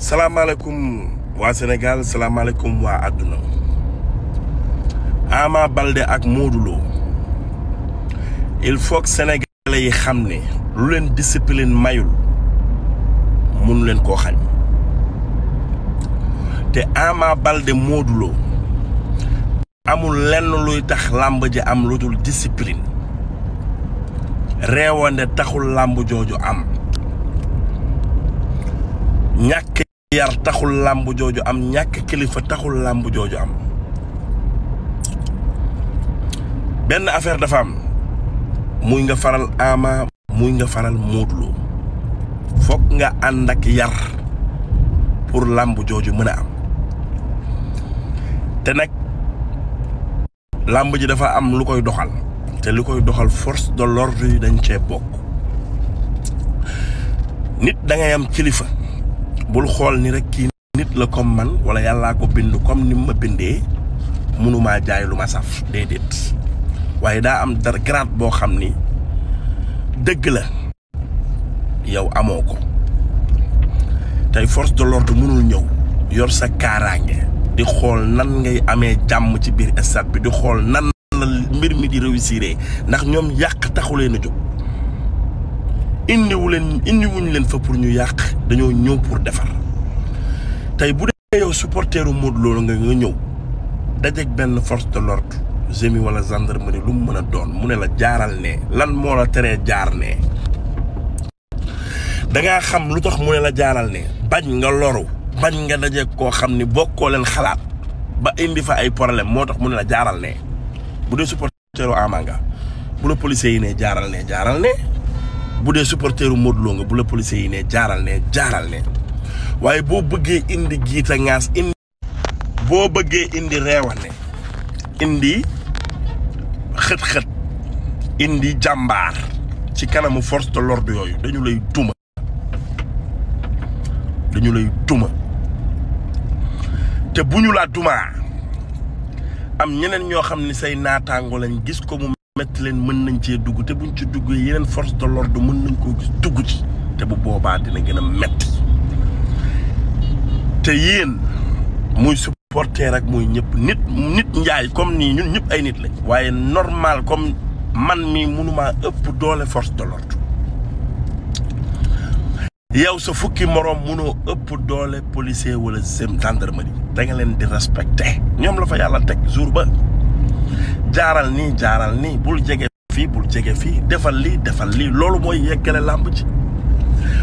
wa wa Sénégal salaamaaleykum wa aduna Ama Balde ak modulo il faut que sénégalais yi xamné lu len discipline mayul mun len ko xagn té Ama Balde modulo amul lenn luy tax lamb ji am lutul disiplin. discipline rewone taxul lamb jojo am ñàkk yar taxul làmb jojo am ñak kilifa taxul lambu jojo am Ben affaire dafa am muy nga faral Ama muy nga faral Modou fokk nga andak yar pour làmb jojo mën am té nak làmb ji dafa am lu koy doxal té lu koy doxal force de l'ordre dañ ci bok nit da ngay am kilifa bul xol ni rek ki nit la comme man wala yalla ko bindu comme nim ma bindé munuma jaay lu saf dedet waye da am dar grade bo xamni ni la yow amoko tay force de l'ordre munul ñew yor sa karange di xol nan ngay amé jam ci bir stade bi di xol nan la mbir mi di réussiré ndax ñom yak taxulé na a indi wu len indi wuñ len fa pour ñu yaq dañu ñew pour défar tay bu dé yow supporteru mod lolu nga nga ñew dajé ben force de l'ordre gémi wala gendarmerie lu mëna doon mu ne la jaaral ne lan mo la téré jaar ne da nga xam lu tax mu ne la jaaral ne bañ nga loru bañ nga dajé ko xamni bokko len xalaat ba indi fa ay problème moo tax mu ne la jaaral ne bu dé supporteru amanga bu le policier yi ne jaaral né jaaral ne bu dee supporteru Modou Lo nga bu la policier yi ne jaaral ne jaaral ne waaye boo bëggee indi giita ngaas indi. boo bëggee indi ne indi xët-xët indi jàmbaar ci kanamu force de l'ordre yooyu dañu lay duma dañu lay duma te bu ñu laa dumaa am ñeneen ñoo xam ne say naataango lañ gis ko mu leen mën nañ cee dugg te buñ ci duggee yeneen force de l'ordre mën nañ koo gis dugg ci te bu boobaa dina gën metti te yéen muy supporter ak muy ñëpp nit nit njaay comme nii ñun ñëpp ay nit lañ waaye normal comme man mi mënumaa ëpp doole force de l'ordre yow sa fukki moroom munoo ëpp doole policier wala sem gendarmerie da nga leen di respecté ñoom la fa yàlla teg jour ba jaaral nii jaaral ni bul jege fii bul jege fii defal li defal li loolu mooy yeggale làmb ji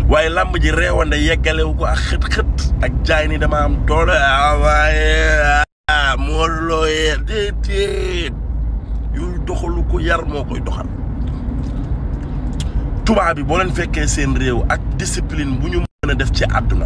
waaye làmb ji reewande yeggalewu ko ak xët xët ak jaay ni dama am doole ah, waaye ah, moolooyee eh, déedéet yuy doxalu ko yar moo koy doxal tubaab bi boo leen fekkee seen réew ak discipline bu ñu mën a def ci àdduna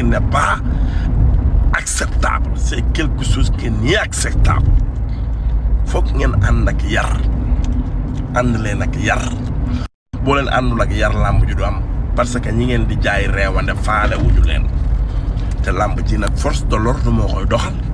qui n'est pas acceptable c'est quelque chose qui n'est acceptable foog ngeen ànd ak yar ànd leen ak yar boo leen àndul ak yar làmb ji du am parce que ñi ngeen di jaay reewande faale wuñu leen te làmb ji nag force de l'ordre moo koy doxal